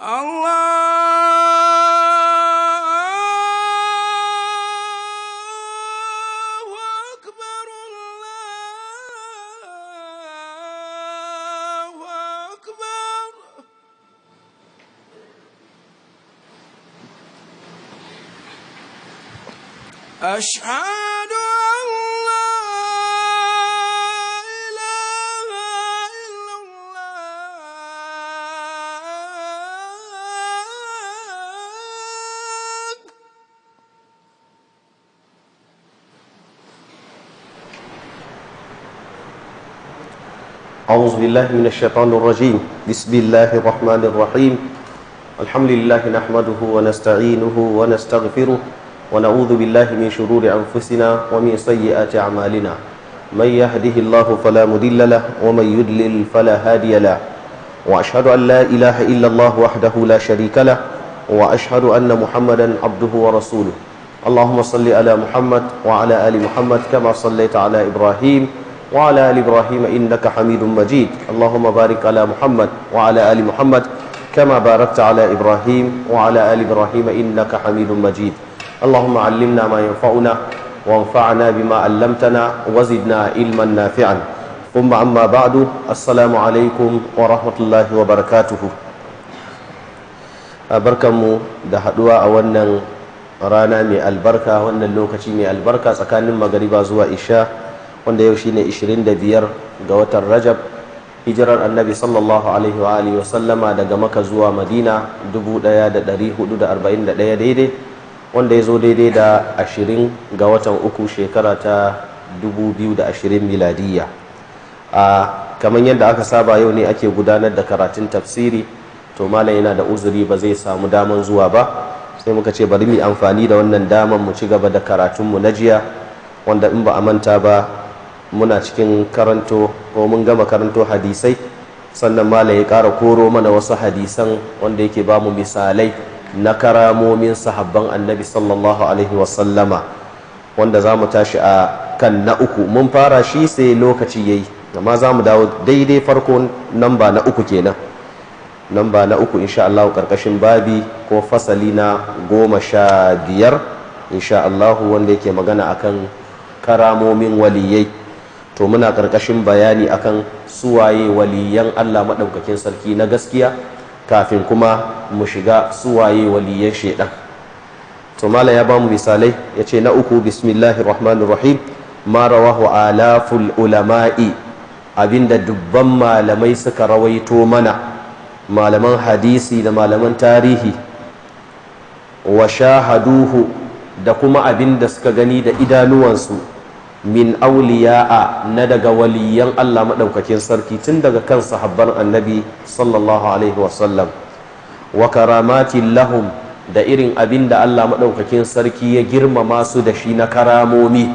الله أكبر الله أكبر أشهد أعوذ بالله من الشيطان الرجيم بسم الله الرحمن الرحيم الحمد لله نحمده ونستعينه ونستغفره ونعوذ بالله من شرور أنفسنا ومن سيئات أعمالنا من يهده الله فلا مضل له ومن يضلل فلا هادي له وأشهد أن لا إله إلا الله وحده لا شريك له وأشهد أن محمدا عبده ورسوله اللهم صل على محمد وعلى آل محمد كما صليت على إبراهيم وعلى آل إبراهيم إنك حميد مجيد اللهم بارك على محمد وعلى آل محمد كما باركت على إبراهيم وعلى آل إبراهيم إنك حميد مجيد اللهم علمنا ما ينفعنا وانفعنا بما علمتنا وزدنا علما نافعا ثم أما بعد السلام عليكم ورحمة الله وبركاته barkanmu da haduwa a wannan rana mai albarka wannan lokaci mai albarka tsakanin magariba zuwa isha wanda yau shine 25 ga watan rajab hijirar annabi sallallahu alaihi wa alihi wasallama daga maka zuwa madina 1441 daidai wanda ya zo daidai da 20 ga watan uku shekara ta 2020 miladiyya a kamar yadda aka saba yau ne ake gudanar da karatun tafsiri to malam yana da uzuri ba zai samu daman zuwa ba sai muka ce bari mu amfani da wannan daman mu ci gaba da karatunmu na jiya wanda in ba a manta ba muna cikin karanto ko mun gama karanto hadisai sannan malam ya kara koro mana wasu hadisan wanda yake ba mu misalai na karamomin sahabban annabi sallallahu alaihi wasallama wanda za mu tashi a kan na uku mun fara shi sai lokaci ya yi amma za mu dawo daidai farko namba na uku kenan namba na uku insha Allah karkashin babi ko fasali na goma sha biyar insha Allah wanda yake magana akan karamomin waliyai to muna ƙarƙashin bayani akan suwaye waliyan Allah maɗaukakin sarki na gaskiya kafin kuma mu shiga suwaye waliyan shaidan to mala ya bamu misalai ya ce na uku bismillahir rahmanir rahim ma rawahu alaful ulama'i abinda dubban malamai suka rawaito mana malaman hadisi da malaman tarihi wa shahaduhu da kuma abinda suka gani da idanuwansu min auliya a na daga waliyan Allah maɗaukakin sarki tun daga kan sahabban annabi sallallahu alaihi wasallam wa karamatin lahum da irin abin da Allah maɗaukakin sarki ya girmama su da shi na karamomi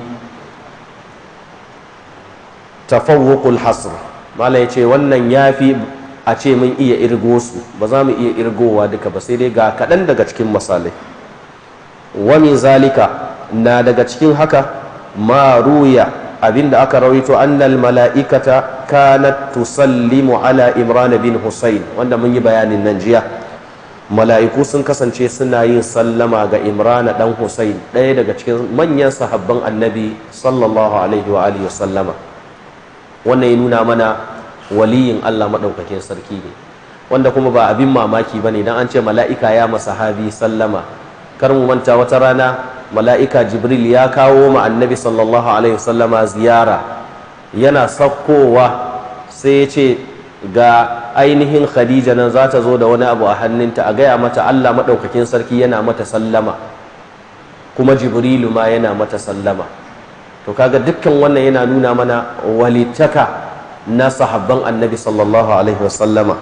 tafawwuqul hasr mala ya ce wannan yafi a ce mun iya irgo su ba za mu iya irgowa duka ba sai dai ga kaɗan daga cikin misalai wa zalika na daga cikin haka Maruya abinda aka rawaito annal mala'ikata kanat tusallimu ala imran bin husayn wanda mun yi bayanin nan jiya mala'iku sun kasance suna yin sallama ga imran dan husayn ɗaya daga cikin manyan sahabban annabi sallallahu alaihi wa alihi sallama wannan ya nuna mana waliyin Allah madaukakin sarki ne wanda kuma ba abin mamaki bane dan an ce mala'ika ya masahabi sallama kar mu manta wata rana mala'ika jibril ya kawo ma annabi sallallahu alaihi wasallama ziyara yana sakkowa sai ya ce ga ainihin khadija nan za ta zo da wani abu a hannunta a gaya mata allah maɗaukakin sarki yana mata sallama kuma jibrilu ma yana mata sallama to kaga dukkan wannan yana nuna mana walittaka na sahabban annabi sallallahu alaihi wasallama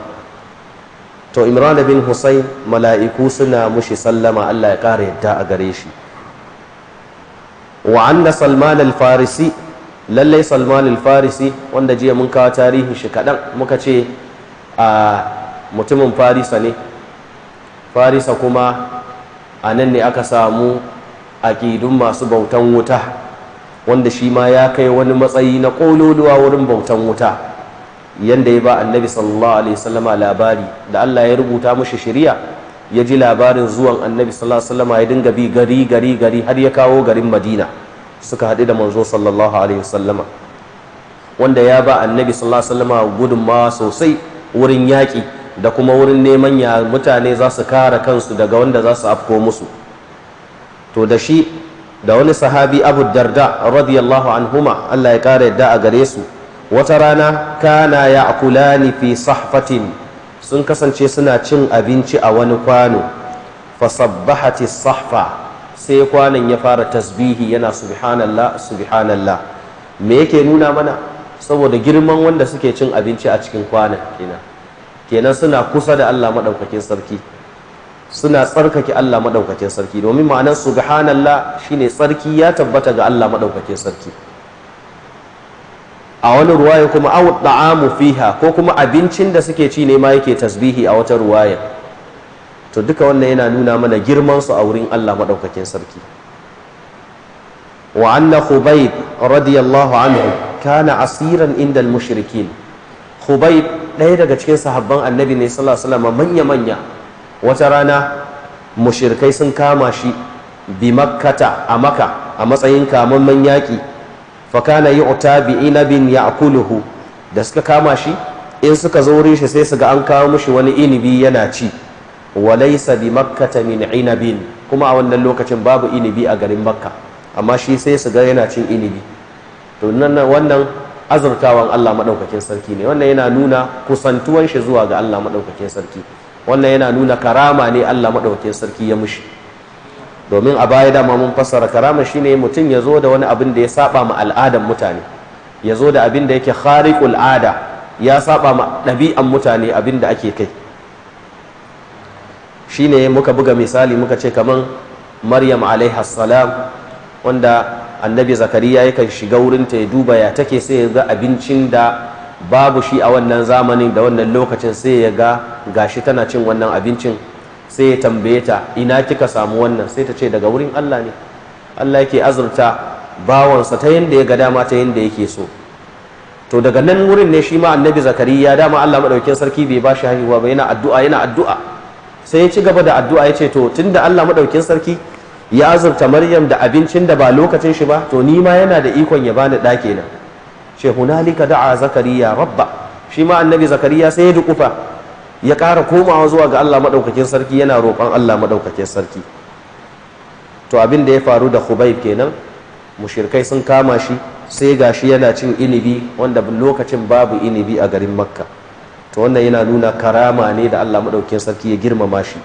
to imran bin husayn mala'iku suna mushi sallama allah ya ƙara yadda a gare shi wa anna salman al-farisi lallai salman al-farisi wanda jiya mun kawo tarihin shi kaɗan muka ce a mutumin farisa ne farisa kuma a nan ne aka samu aƙidun masu bautan wuta wanda shi ma ya kai wani matsayi na ƙololuwa wurin bautan wuta yanda ya ba annabi sallallahu alaihi wasallama labari da allah ya rubuta mushi shari'a ya ji labarin zuwan annabi sallallahu alaihi wasallam ya dinga bi gari gari gari har ya kawo garin madina suka haɗu da manzo sallallahu alaihi wasallama wanda ya ba annabi sallallahu alaihi wasallama gudunmawa sosai wurin yaƙi da kuma wurin neman ya mutane za su kare kansu daga wanda za su afko musu to da shi da wani sahabi abu darda radiyallahu anhuma allah ya kare yadda a gare su wata rana kana ya kulani fi sahfatin sun kasance suna cin abinci a wani kwano fasabbahati sahfa sai kwanan ya fara tasbihi yana subhanallah subhanallah me yake nuna mana saboda girman wanda suke cin abinci a cikin kwanan kenan kenan suna kusa da Allah maɗaukakin sarki suna tsarkake Allah maɗaukakin sarki domin ma'anar subhanallah shine tsarki ya tabbata ga Allah maɗaukakin sarki a wani ruwaya kuma aw da'amu fiha ko kuma abincin da suke ci ne ma yake tasbihi a wata ruwaya to duka wannan yana nuna mana girman su a wurin Allah madaukakin sarki wa anna khubayb radiyallahu anhu kana asiran inda mushrikin khubayb ɗaya daga cikin sahabban annabi ne sallallahu alaihi wasallam manya manya wata rana mushrikai sun kama shi bi a maka a matsayin kamamman yaƙi fakana yi yu'ta bi inabin kuluhu da suka kama shi in suka zo wurin shi sai su ga an kawo mishi wani inibi yana ci walai sabi bi makkata min inabin kuma a wannan lokacin babu inibi a garin makka amma shi sai su ga yana cin inibi to wannan azurtawan Allah maɗaukakin sarki ne wannan yana nuna kusantuwan shi zuwa ga Allah madaukakin sarki wannan yana nuna karama ne Allah maɗaukakin sarki ya mushi domin a baya dama mun fassara karama shine mutum ya zo da wani abin da ya saba ma al'adan mutane ya zo da abin da yake khariqul ada ya saba ma ɗabi'an mutane abin da ake kai shine muka buga misali muka ce kaman maryam alaiha wanda annabi zakariya yakan shiga wurin ta ya duba ya take sai ya ga abincin da babu shi a wannan zamanin da wannan lokacin sai ya ga gashi tana cin wannan abincin sai ya tambaye ta ina kika samu wannan sai ta ce daga wurin Allah ne Allah yake azurta bawansa ta yanda ya ga dama ta yanda yake so to daga nan wurin ne shi ma annabi zakariya dama Allah madaukin sarki bai bashi haihuwa ba yana addu'a yana addu'a sai ya ci gaba da addu'a ya ce to tunda Allah maɗaukin sarki ya azurta Maryam da abincin da ba lokacin shi ba to ni ma yana da ikon ya bani ɗa kenan ce da'a zakariya rabba shi ma annabi zakariya sai ya dukufa ya ƙara komawa zuwa ga Allah maɗaukakin sarki yana roƙon Allah maɗaukakin sarki to abin da ya faru da Khubayb kenan mushirkai sun kama shi sai gashi yana cin inibi wanda lokacin babu inibi a garin Makka to wannan yana nuna karama ne da Allah maɗaukakin sarki ya girmama shi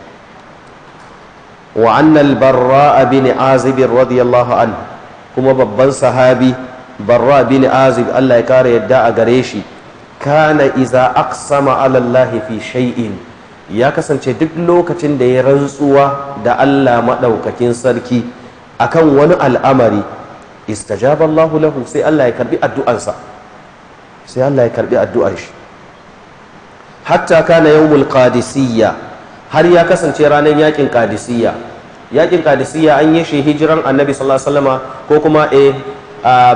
wa annal barra bin azib radiyallahu anhu kuma babban sahabi barra bin azib Allah ya kare yadda a gare shi kana iza aqsama ala Allah fi shay'in ya kasance duk lokacin da ya rantsuwa da Allah madaukakin sarki akan wani al'amari istajaba Allah lahu sai Allah ya karbi addu'ansa sai Allah ya karbi addu'ar shi hatta kana yawmul qadisiyya har ya kasance ranar yakin qadisiyya yakin qadisiyya an yi shi hijiran annabi sallallahu alaihi wasallama ko kuma eh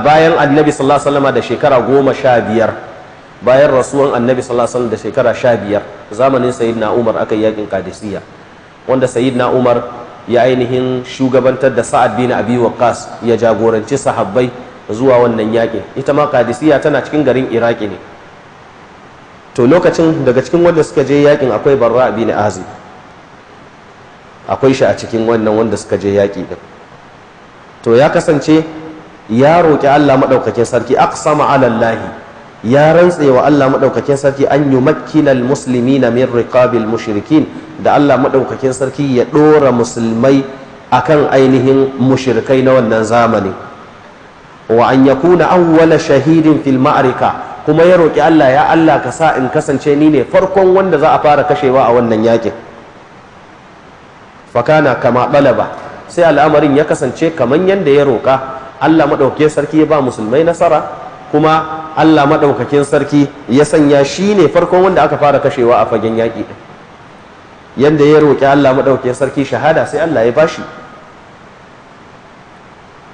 bayan annabi sallallahu alaihi wasallama da shekara goma sha biyar bayan rasuwan annabi sallallahu alaihi da shekara sha biyar zamanin sayyidina umar aka yi yakin kadisiya wanda sayyidina umar ya ainihin shugabantar da sa'ad bin abi waqas ya jagoranci sahabbai zuwa wannan yakin ita ma kadisiya tana cikin garin iraki ne to lokacin daga cikin wanda suka je yakin akwai barra bin azib akwai shi a cikin wannan wanda suka je yaki din to ya kasance ya roƙi Allah maɗaukakin sarki aqsama ala Allahi ya rantse wa Allah maɗaukakin sarki an musulmi na min riqabil mushrikin da Allah maɗaukakin sarki ya ɗora musulmai a kan ainihin mushrikai na wannan zamani wa an kuna awwala shahidin fil kuma ya roki Allah ya Allah ka sa in kasance ni ne farkon wanda za a fara kashewa a wannan yakin fakana kama balaba sai al'amarin ya kasance kaman yadda ya roka Allah maɗaukakin sarki ya ba musulmai nasara kuma Allah maɗaukakin sarki ya sanya shi ne farkon wanda aka fara kashewa a fagen yaƙi ɗin yadda ya roƙi Allah maɗaukakin sarki shahada sai Allah ya bashi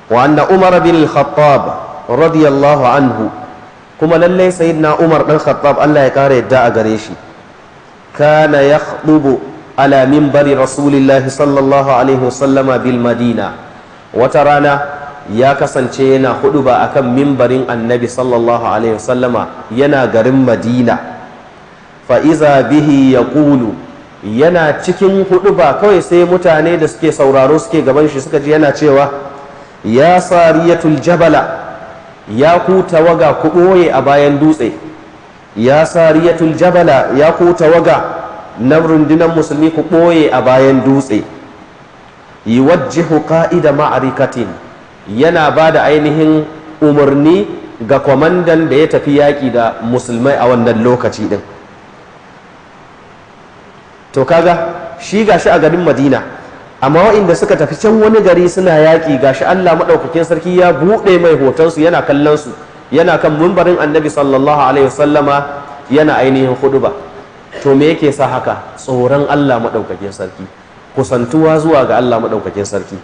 wa anna Umar bin al-Khattab radiyallahu anhu kuma lallai sayyidina Umar dan Khattab Allah ya kare yadda a gare shi kana yakhdubu ala minbari rasulillahi sallallahu alaihi wasallama bil madina wata rana ya kasance yana hudu ba kan mimbarin annabi sallallahu alaihi wasallama yana garin madina fa'iza bihi ya ƙulu yana cikin hudu ba kawai sai mutane da suke sauraro suke gaban shi suka ji yana cewa ya sariyatul jabala ya ku tawaga ku ɓoye a bayan dutse ya sariyatul jabala ya ku tawaga na rundunar musulmi ku ɓoye a bayan dutse yi wajjihu ka'ida ma'arikatin yana ba da ainihin umarni ga kwamandan da ya tafi yaƙi da musulmai a wannan lokaci ɗin to kaga shi gashi a garin madina amma waɗanda suka tafi can wani gari suna yaƙi gashi allah maɗaukakin sarki ya buɗe mai hotonsu yana kallon su yana kan mumbarin annabi sallallahu alaihi wasallama yana ainihin ba. to me yake sa haka tsoron allah maɗaukakin sarki kusantuwa zuwa ga allah maɗaukakin sarki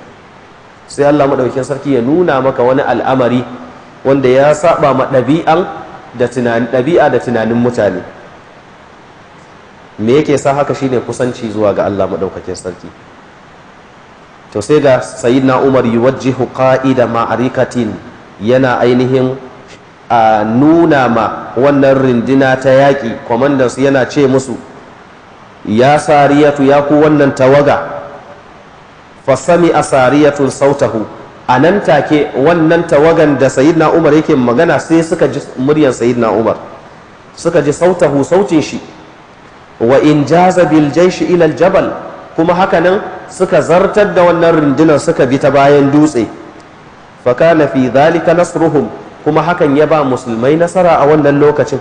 sai Allah madaukakin sarki ya nuna maka wani al'amari wanda ya saba ma da tunanin ɗabi'a da tunanin mutane me yake sa haka shine kusanci zuwa ga Allah madaukakin sarki to sai ga sayyidina Umar yuwajjihu qa'ida ma'arikatin yana ainihin a nuna ma wannan rindina ta yaƙi kwamandansu yana ce musu ya sariyatu ya ku wannan tawaga fasami tun sautahu a nan take wannan tawagan da na umar yake magana sai suka ji muryar sayidna umar suka ji sautahu sautin shi wa in jaza bil jaishi ila jabal kuma hakanan suka zartar da wannan rundunar suka bi ta bayan dutse fakana fi dhalika nasruhum kuma hakan ya ba musulmai nasara a wannan lokacin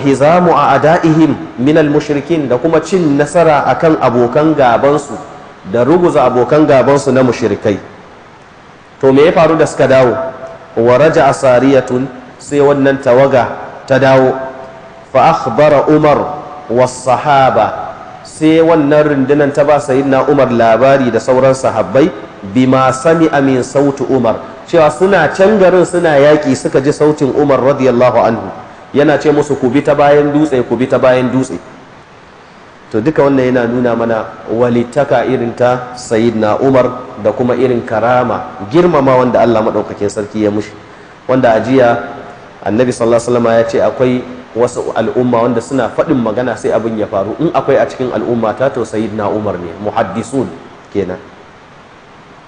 hizamu a ada'ihim min al-mushrikin da kuma cin nasara akan abokan gabansu da ruguza abokan gabansu na mushirikai. to me ya faru da suka dawo wa raja asariyatun sai wannan tawaga ta dawo fa akhbara umar was sahaba sai wannan rundunan ta ba sayyidina umar labari da sauran sahabbai bima sami amin sautu umar cewa suna can garin suna yaƙi suka ji sautin umar radiyallahu anhu yana ce musu ku bi ta bayan dutse ku bi ta bayan dutse to duka wannan yana nuna mana walitaka irin ta na umar da kuma irin karama girmama wanda allah maɗaukakin sarki ya mushi wanda a jiya annabi sallallahu ya ce akwai wasu al'umma wanda suna faɗin magana sai abin ya faru in akwai a cikin al'umma ta to na umar ne muhaddisun kenan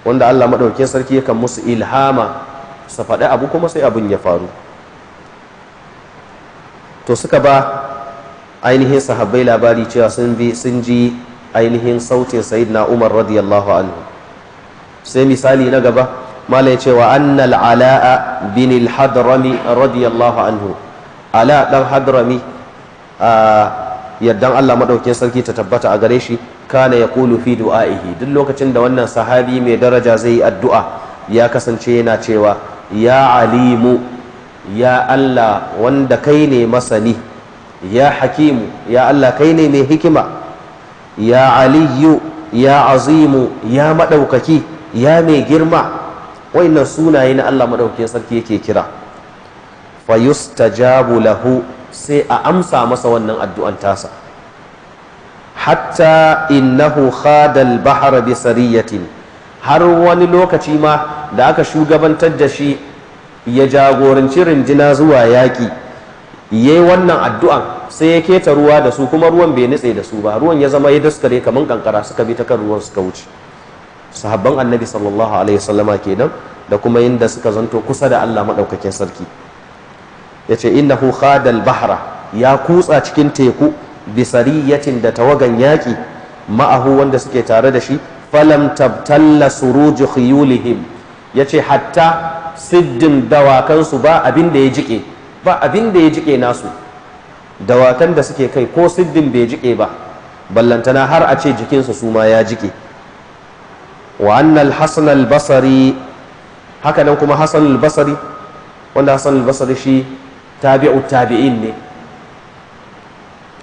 wanda allah maɗaukakin sarki ya kan musu ilhama su faɗi abu kuma sai abin ya faru to suka ba ainihin sahabbai labari cewa sun sun ji ainihin sautin na Umar radiyallahu anhu sai misali na gaba malai cewa annal ala'a bin hadrami radiyallahu anhu ala dan hadrami a yardan Allah madaukin sarki ta tabbata a gare shi kana kulu fi du'aihi duk lokacin da wannan sahabi mai daraja zai yi addu'a ya kasance yana cewa ya alimu ya Allah wanda kai ne masani ya hakimu ya Allah kai ne mai hikima ya aliyu ya azimu ya maɗaukaki ya mai girma wannan sunaye na Allah maɗaukakin sarki yake kira fa yustajabu lahu sai a amsa masa wannan addu'an tasa hatta innahu khadal bahar bi sariyatin har wani lokaci ma da aka shugabantar da shi ya jagoranci rinjina zuwa yaƙi yayi wannan addu'an sai ya keta ruwa da su kuma ruwan bai nitse da su ba ruwan ya zama ya daskare kamar kankara suka bi ta kan ruwan suka wuce sahabban annabi sallallahu alaihi wasallama kenan da kuma da suka zanto kusa da Allah maɗaukakin sarki yace innahu khadal bahra ya kutsa cikin teku bisariyatin da tawagan yaƙi ma'ahu wanda suke tare da shi falam tabtalla suruju khiyulihim yace hatta siddin dawakansu ba abin ya jike ba abin da ya jike nasu da dawatan da suke kai ko siddin bai jike ba ballantana har a ce jikinsa su ma ya jike wa annal hasan al haka nan kuma hasan al wanda hasan al shi tabi'u tabi'in ne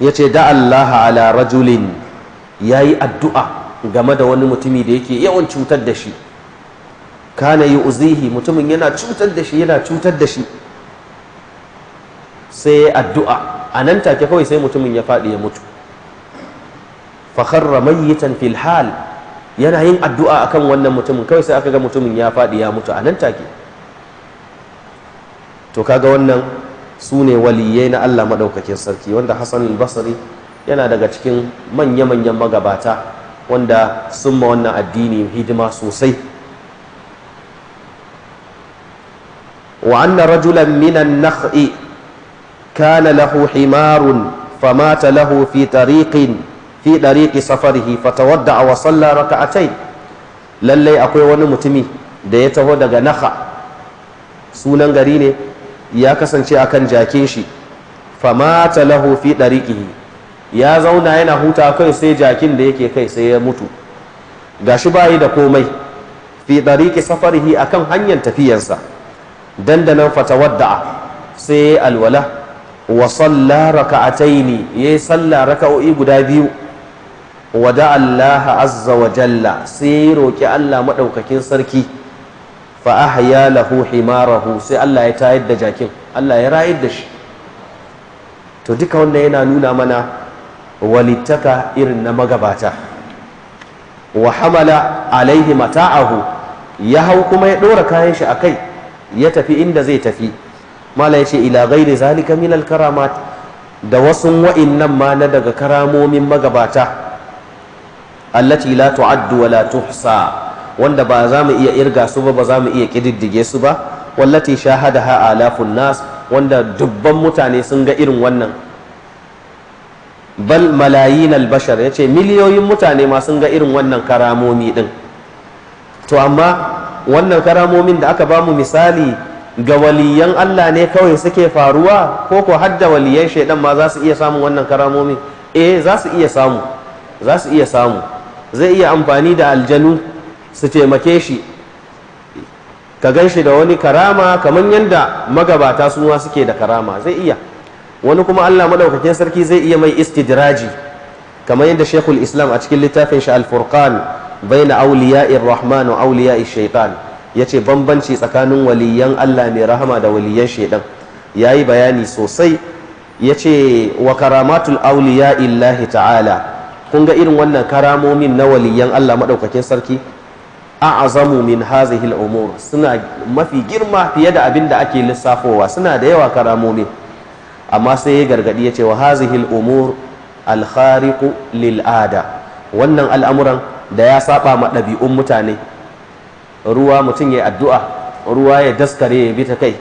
yace da Allah ala rajulin yayi addu'a game da wani mutumi da yake yawan cutar da shi kana uzihi mutumin yana cutar da shi yana cutar da shi sai addu'a a nan take kawai sai mutumin ya faɗi ya mutu fakharra mayyitan fil hal yana yin addu'a akan wannan mutumin kawai sai aka ga mutumin ya faɗi ya mutu a nan take to kaga wannan su ne waliyai na Allah maɗaukakin sarki wanda Hassan al-Basri yana daga cikin manya-manyan magabata wanda sun ma wannan addini hidima sosai wa anna rajulan minan nakh'i kana lahu himarun famata lahu fi tariqin fi dariqi safarihi fatawadda wa salla raka'atayn lallai akwai wani mutumi da ya taho daga naha sunan gari ne ya kasance akan jakin shi famata lahu fi dariqihi ya zauna yana huta kai sai jakin da yake kai sai ya mutu gashi bayi da komai fi ɗariƙi safarihi akan hanyar tafiyarsa dandanan fatawadda'a sai alwala wa salla raka'ataini yayi salla raka'o'i guda biyu wada Allah azza wa jalla sai ya roki Allah maɗaukakin sarki fa ahya lahu himarahu sai Allah ya tayar da jakin Allah ya rayar da shi to duka wannan yana nuna mana walittaka irin na magabata Wahamala hamala alaihi mata'ahu ya hau kuma ya ɗora kayan shi a kai ya tafi inda zai tafi mala ce ila gairi zalika minal karamat da wasu nan ma na daga karamomin magabata allati la tu'addu wa la tuhsa wanda ba za mu iya irga su ba ba za mu iya kididdige su ba wallati shahadaha alafun nas wanda dubban mutane sun ga irin wannan bal malayin albashar ya ce miliyoyin mutane ma sun ga irin wannan karamomi din to amma wannan karamomin da aka ba mu misali ga waliyan Allah ne kawai suke faruwa ko ko hadda waliyan shaidan ma za su iya samun wannan karamomi eh za su iya samu za su iya samu zai iya amfani da aljanu su taimake shi ka gan shi da wani karama kamar yadda magabata su ma suke da karama zai iya wani kuma Allah madaukakin sarki zai iya mai istidraji kamar yadda Sheikhul Islam a cikin littafin shi Al-Furqan baina awliya'ir rahman wa awliya'ish shaitan yace bambanci tsakanin waliyan Allah mai rahama da waliyan ya yi bayani sosai yace wa karamatul auliya illahi ta'ala kun ga irin wannan karamomin na waliyan Allah maɗaukakin sarki a'azamu min hazihil umur suna mafi girma fiye da abin da ake lissafowa suna da yawa karamomi amma sai ya gargaɗi ya ce wa hazihil umur alhariku lil wannan al'amuran da ya saba ma ɗabi'un mutane ruwa mutum ya addu'a ruwa ya daskare ya bi ta kai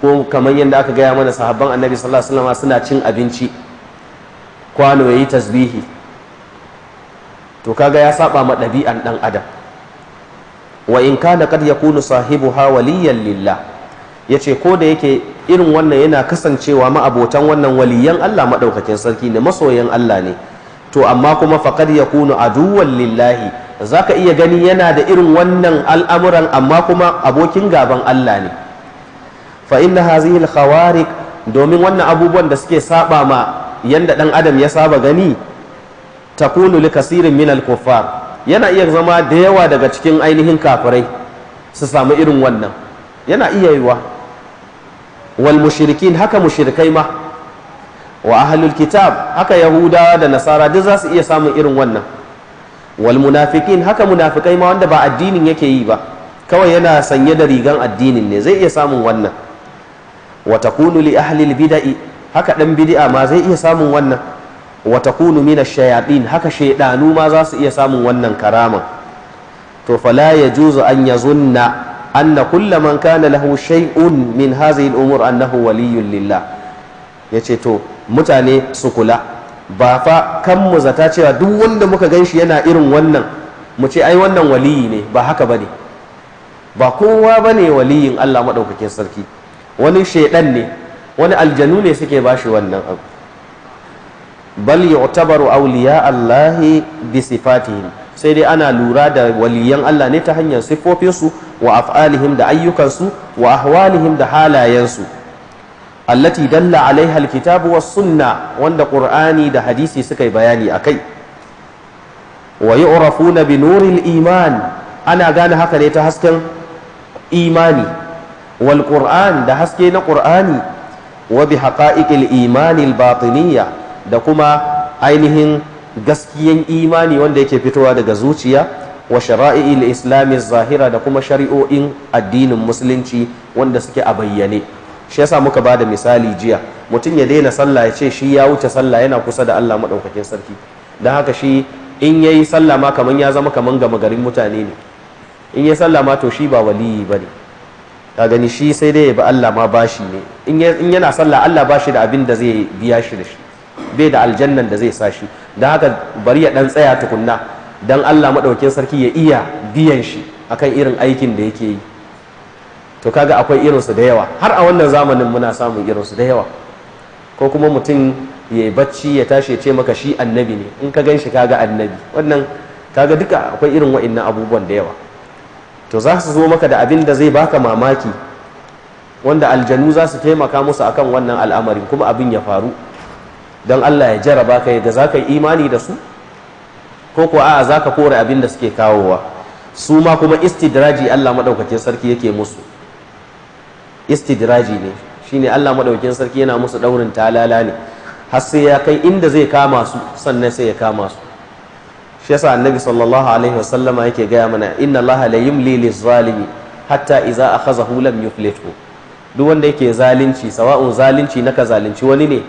ko kamar yadda aka gaya mana sahabban annabi sallallahu alaihi wasallam suna cin abinci kwano ya yi tasbihi to kaga ya saba ma ɗabi'an ɗan adam wa in kana kad yakunu sahibuha waliyan lillah yace ko da yake irin wannan yana kasancewa ma'abotan wannan waliyan Allah madaukakin sarki ne masoyan Allah ne to amma kuma faqad kunu aduwwan lillahi za ka iya gani yana da irin wannan al'amuran amma kuma abokin gaban Allah ne fa inna hazihi domin wannan abubuwan da suke saba ma yadda ɗan adam ya saba gani takunu li kasirin min yana iya zama da yawa daga cikin ainihin kafirai su samu irin wannan yana iya yiwa wal mushirikin haka mushirikai ma wa ahlul kitab haka yahudawa da nasara duk za su iya samun irin wannan wal munafiqin haka munafikai ma wanda ba addinin yake yi ba kawai yana sanye da rigan addinin ne zai iya samun wannan wa takunu li ahli al haka dan bid'a ma zai iya samun wannan wa takunu min ash-shayatin haka shaydanu ma za su iya samun wannan karaman to fala yajuzu an yazunna anna kullu man kana lahu shay'un min hadhihi al-umur annahu waliyyun lillah yace to mutane su kula ba fa kan mu zata cewa duk wanda muka gan shi yana irin wannan mu ce ai wannan waliyi ne ba haka ba ne ba kowa ba ne waliyin Allah maɗaukakin sarki wani shaidan ne wani aljanu ne suke ba shi wannan abu bal yu'tabaru awliya Allah bi sifatihim sai dai ana lura da waliyan Allah ne ta hanyar siffofinsu wa af'alihim da ayyukansu wa ahwalihim da halayensu allati dalla alaiha alkitabu sunna wanda qur'ani da hadisi suka yi bayani a kai wa yu'rafuna bi nuril iman ana gane haka ne ta hasken imani wal da haske na qur'ani wa bi haqa'iqil imani al da kuma ainihin gaskiyan imani wanda yake fitowa daga zuciya wa shara'i'il islami zahira da kuma shari'o'in addinin musulunci wanda suke a bayyane shi yasa muka ba da misali jiya mutum ya daina sallah ya ce shi ya wuce sallah yana kusa da Allah maɗaukakin sarki don haka shi in ya yi sallah ma kaman ya zama kaman gama garin mutane ne in ya sallah ma to shi ba waliyi bane ka gani shi sai dai ya bi Allah ma bashi ne in yana sallah Allah ba shi da abin da zai biya shi da shi bai da aljannan da zai sa shi don haka bari ya ɗan tsaya tukunna don Allah maɗaukakin sarki ya iya biyan shi akan irin aikin da yake yi to kaga akwai irinsu da yawa har a wannan zamanin muna samun irinsu da yawa ko kuma mutum ya yi bacci ya tashi ya ce maka shi annabi ne in ka gan shi kaga annabi wannan kaga duka akwai irin wa'innan abubuwan da yawa to za su zo maka da abin da zai baka mamaki wanda aljanu za su taimaka musu akan wannan al'amarin kuma abin ya faru don Allah ya jaraba ka yadda za ka yi imani da su ko ko a'a za ka kore abin da suke kawowa su ma kuma istidraji Allah maɗaukakin sarki yake musu istidraji ne shine Allah madaukin sarki yana musu daurin talala ne har sai ya kai inda zai kama su sannan sai ya kama su shi yasa annabi sallallahu alaihi wasallama yake gaya mana inna Allah la yumli zalumi hatta idza akhazahu lam yuflitu duk wanda yake zalunci sawa'un zalunci naka zalunci wani ne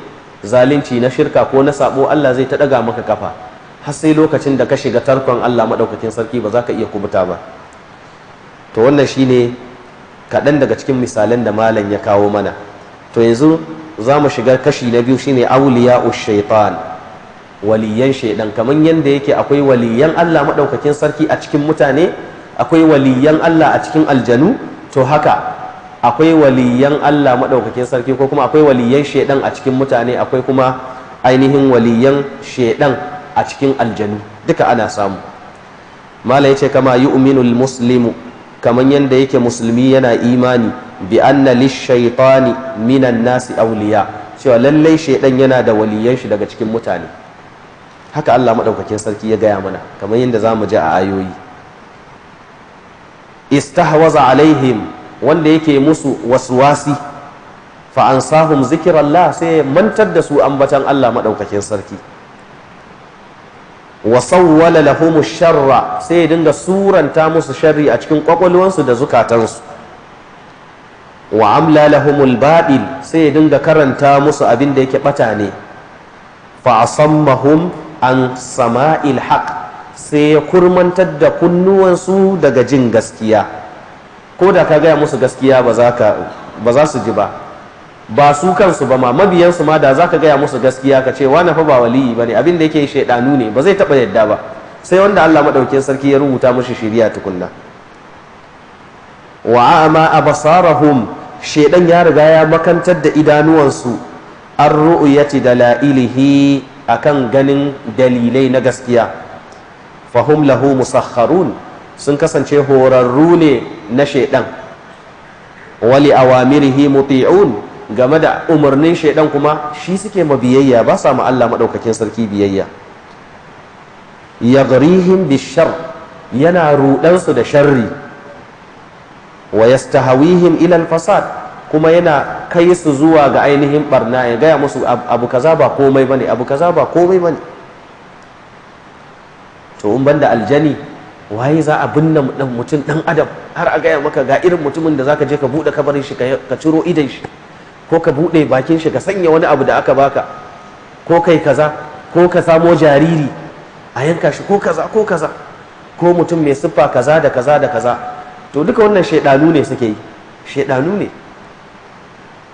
zalunci na shirka ko na sabo Allah zai ta daga maka kafa har sai lokacin da ka shiga tarkon Allah madaukakin sarki ba za ka iya kubuta ba to wannan shine kaɗan daga cikin misalin da malam ya kawo mana to yanzu za mu shiga kashi na biyu shine awliya shaitan waliyan shaidan kamar yadda yake akwai waliyan Allah maɗaukakin sarki a cikin mutane akwai waliyan Allah a cikin aljanu to haka akwai waliyan Allah maɗaukakin sarki ko kuma akwai waliyan shaidan a cikin mutane akwai kuma ainihin waliyan shaidan a cikin aljanu duka ana samu mala yace kama yu'minul muslimu kamar yadda yake musulmi yana imani bi anna lishaitani minan nasi auliya cewa lallai shaidan yana da waliyan shi daga cikin mutane haka Allah maɗaukakin sarki ya gaya mana kamar yadda zamu mu ji a ayoyi istahwaza alaihim wanda yake musu waswasi fa ansahum zikirallah sai mantar da su ambatan Allah maɗaukakin sarki wasauwala lahumu sharra sai ya dinga suranta musu sharri a cikin kwakwalwansu da zukatansu wa amla lahum baɗil sai ya dinga karanta musu abin da yake bata ne fa asammahum an sama'il haq sai ya kurmantar da kunnuwansu daga jin gaskiya ko da ka gaya musu gaskiya ba za su ji ba ba su kansu ba ma mabiyansu ma da zaka gaya musu gaskiya ka ce wani fa ba waliyi bane abin da yake shaidanu ne ba zai taba yadda ba sai wanda Allah madaukin sarki ya rubuta mushi shiriya tukunna wa ama abasarahum shaidan ya riga ya makantar da idanuwansu an ru'yati dalailihi akan ganin dalilai na gaskiya fahum lahu musakharun sun kasance horarru ne na shaidan wali awamirihi muti'un game da umarnin shaidan kuma shi suke mabiyayya ba sa ma Allah maɗaukakin sarki biyayya ya yaghrihim bishar yana ruɗansu da sharri wa yastahawihim ilal fasad kuma yana kai su zuwa ga ainihin barna ya gaya musu abu kaza ba komai bane abu kaza ba komai bane to in banda aljani waye za a binne mutum dan adam har a gaya maka ga irin mutumin da zaka je ka buɗe kabarin shi ka ciro idan shi ko ka buɗe bakin shi ka sanya wani abu da aka baka ko kai kaza ko ka samo jariri a yanka shi ko kaza ko kaza ko mutum mai siffa kaza da kaza da kaza to duka wannan shaidanu ne suke yi shaidanu ne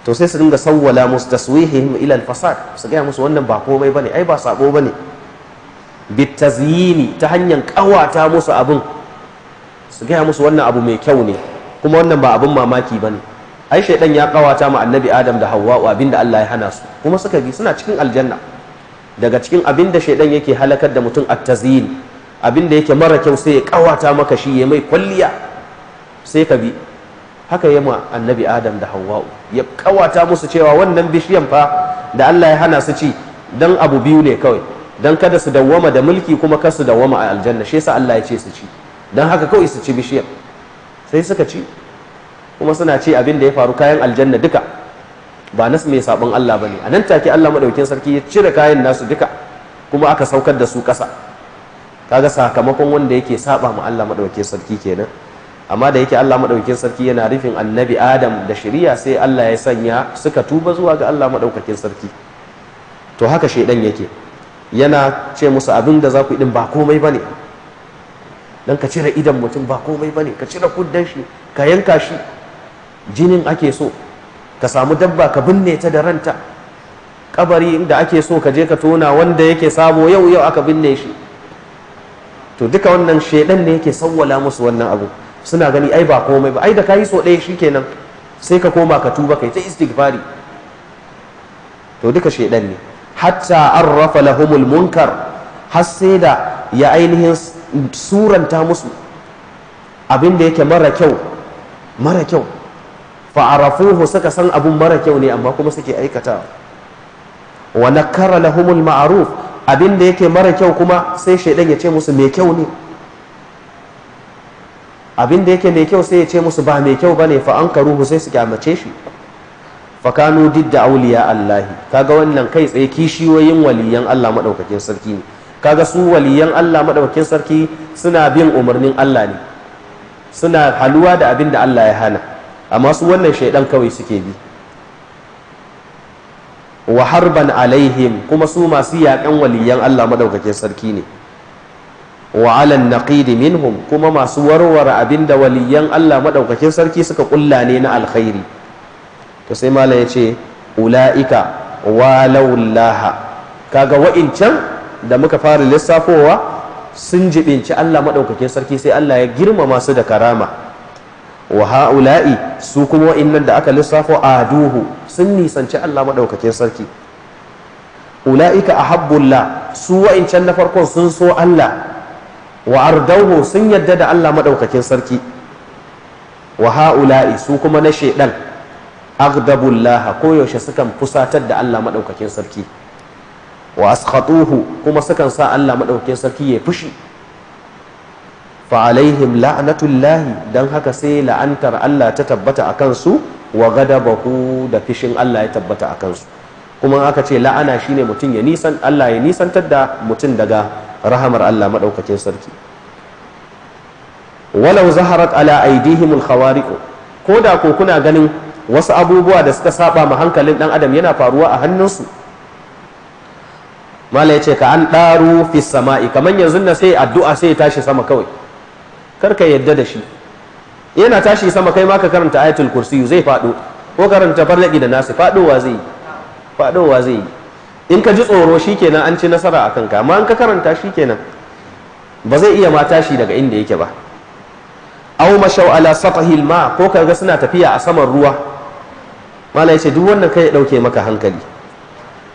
to sai su dinga sawwala musu taswihihim ila al-fasad su ga musu wannan ba komai bane ai ba sabo bane tazyini ta hanyar kawata musu abin su ga musu wannan abu mai kyau ne kuma wannan ba abin mamaki bane ai shaidan ya kawata ma annabi adam da hawwa'u abinda Allah ya hana su kuma suka bi suna cikin aljanna daga cikin abinda shaidan yake halakar da mutum a abinda yake mara kyau sai ya kawata maka shi ya mai kwalliya sai ka bi haka yi ma annabi adam da hawa ya kawata musu cewa wannan bishiyan fa da Allah ya hana su ci dan abu biyu ne kawai dan kada su dawwama da mulki kuma kasu su dawwama a aljanna shi yasa Allah ya ce su ci dan haka kawai su ci bishiyan sai suka ci kuma suna ce abin da ya faru kayan aljanna duka ba nasu mai sabon Allah ba ne a nan take Allah madaukin sarki ya cire kayan nasu duka kuma aka saukar da su ƙasa kaga sakamakon wanda yake saba ma Allah madaukin sarki kenan amma da yake Allah madaukin sarki yana rufin annabi Adam da shari'a sai Allah ya sanya suka tuba zuwa ga Allah madaukakin sarki to haka shaidan yake yana ce musu abin da za ku din ba komai bane dan ka cire idan mutum ba komai bane ka cire kuddan shi ka yanka shi jinin ake so ka samu dabba ka binne ta da ranta kabari inda ake so ka je ka tona wanda yake sabo yau yau aka binne shi to duka wannan shedan ne yake sawwala musu wannan abu suna gani ai ba komai ba ai da kayi so ɗaya kenan sai ka koma ka tuba kai ta istighfari to duka shedan ne hatta arrafa lahumul munkar har sai da ya ainihin suranta musu abin da yake mara kyau mara kyau fa'arafuhu suka san abun mara kyau ne amma kuma suke aikata, wa nakara lahumul ma'ruf abin da yake mara kyau kuma sai shaidan ya ce musu mai kyau ne abin yake mai kyau sai ya ce musu ba mai kyau bane fa ankaruhu sai su kyamace shi kanu didda auliya Allah kaga wannan kai tsaye kishiyoyin waliyan Allah madaukakin sarki ne kaga su waliyan Allah maɗaukakin sarki suna bin umarnin Allah ne suna haluwa da abin da Allah ya hana amma su wannan shaidan kawai suke bi wa harban alaihim kuma su masu yaƙan waliyan Allah madaukakin sarki ne wa alan naqidi minhum kuma masu warware abinda waliyan Allah madaukakin sarki suka kulla ne na alkhairi to sai malam ya ce ula'ika laulaha kaga wa'incan da muka fara lissafowa sun jibinci Allah madaukakin sarki sai Allah ya girmama su da karama wa ha'ula'i su kuma wa'innan da aka lissafo aduhu sun nisanci Allah maɗaukakin sarki ula'ika a habbulla su wa'incan na farkon sun so Allah wa ardauhu sun yadda da Allah maɗaukakin sarki wa ha'ula'i su kuma na shaidan agdabullaha koyaushe sukan fusatar da Allah maɗaukakin sarki wa kuma sukan sa Allah maɗaukakin sarki ya fushi fa'alaihim la'anatullahi don haka sai la'antar Allah ta tabbata a kansu wa gada bahu da fishin Allah ya tabbata a kansu kuma aka ce la'ana shi ne mutum ya nisan Allah ya nisantar da mutum daga rahamar Allah maɗaukacin sarki walau zaharat ala aidihim alkhawariq ko da ko kuna ganin wasu abubuwa da suka saba ma hankalin ɗan adam yana faruwa a hannunsu mala ce ka an ɗaru fi sama'i kaman yanzu na sai addu'a sai ya tashi sama kawai kar ka yadda da shi yana tashi sama kai ma ka karanta ayatul kursi zai faɗo ko karanta farlaki da nasu faɗowa zai faɗowa zai yi in ka ji tsoro shikenan an ci nasara a kanka amma in ka karanta shikenan ba zai iya ma tashi daga inda yake ba aw mashaw ala sathil ma ko kaga suna tafiya a saman ruwa mallai duk wannan kai ya dauke maka hankali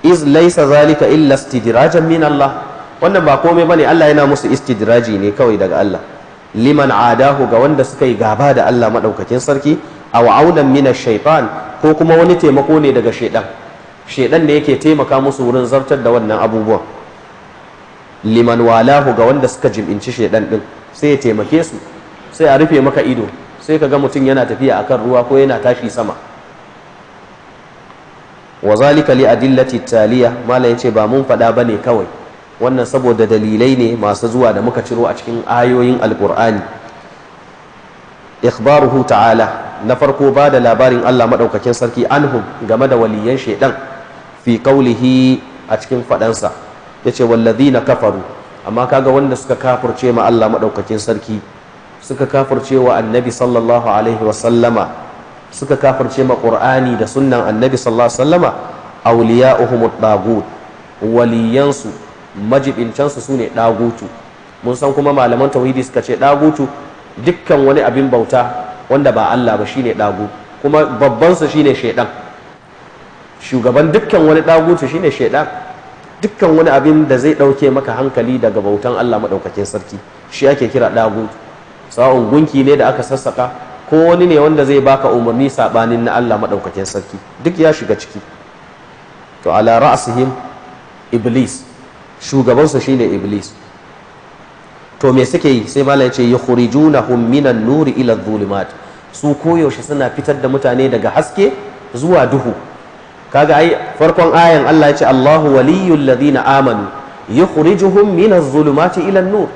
iz laysa zalika illa istidrajan min Allah wannan ba komai bane Allah yana musu istidraji ne kawai daga Allah liman adahu ga wanda suka yi gaba da Allah madaukakin sarki aw aunan mina shaifan ko kuma wani taimako ne daga shaidan shaidan ne yake taimaka musu wurin zartar da wannan abubuwan liman walahu ga wanda suka jim'inci shaidan din sai ya taimake su sai a rufe maka ido sai ka ga mutum yana tafiya akan ruwa ko yana tashi sama wa zalika li adillati taliya malam yace ba mun faɗa bane kawai wannan saboda dalilai ne masu zuwa da muka ciro a cikin ayoyin alkur'ani ikhbaruhu ta'ala na farko ba da labarin Allah maɗaukakin sarki anhum game da waliyan shaidan fi kaulihi a cikin faɗansa ya ce na kafaru amma kaga wanda suka kafurce ma Allah maɗaukakin sarki suka kafurce wa annabi sallallahu alaihi wasallama suka kafurce ma ƙur'ani da sunnan annabi sallallahu alaihi wasallama awliya'uhum at-tagut waliyansu majibincansu su ne ɗagutu mun san kuma malaman tauhidi suka ce ɗagutu dukkan wani abin bauta wanda ba Allah ba shine ɗagu kuma babbansa shine shaidan shugaban dukkan wani ɗagutu shine shaidan dukkan wani abin da zai ɗauke maka hankali daga bautan Allah maɗaukakin sarki shi ake kira ɗagutu sa'on gunki ne da aka sassaka ko wani ne wanda zai baka umarni saɓanin na Allah maɗaukakin sarki duk ya shiga ciki to ala ra'asihim iblis shugabansa shine iblis to me suke yi sai malam ce yukhrijunahum minan nuri ila dhulumat su koyaushe suna fitar da mutane daga haske zuwa duhu kaga ai farkon ayan Allah ya ce Allahu waliyyul ladina amanu yukhrijuhum minaz zulumati ila nur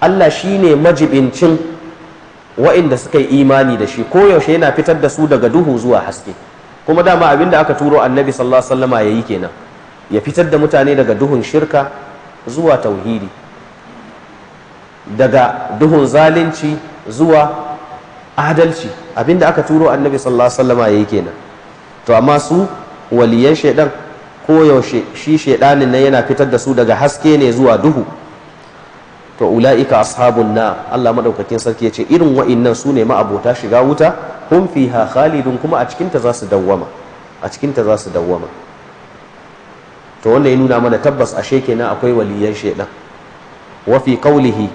Allah shine majibincin wa'inda suka yi imani da shi koyaushe yana fitar da su daga duhu zuwa haske kuma dama abinda aka turo annabi sallallahu alaihi wasallama yayi kenan ya fitar da mutane daga duhun shirka zuwa tauhidi daga duhun zalunci zuwa adalci abinda aka turo annabi sallallahu alaihi wasallama yayi kenan to amma su waliyan shaidan koyaushe shi shaidanin nan yana fitar da su daga haske ne zuwa duhu to ula'ika ashabun na Allah madaukakin sarki ya ce irin wa'innan su ne ma'abota shiga wuta hum fiha khalidun kuma a cikinta za su dawwama a cikinta za su dawwama to wanda ya nuna mana tabbas ashe kenan akwai waliyan shaidan wa fi qawlihi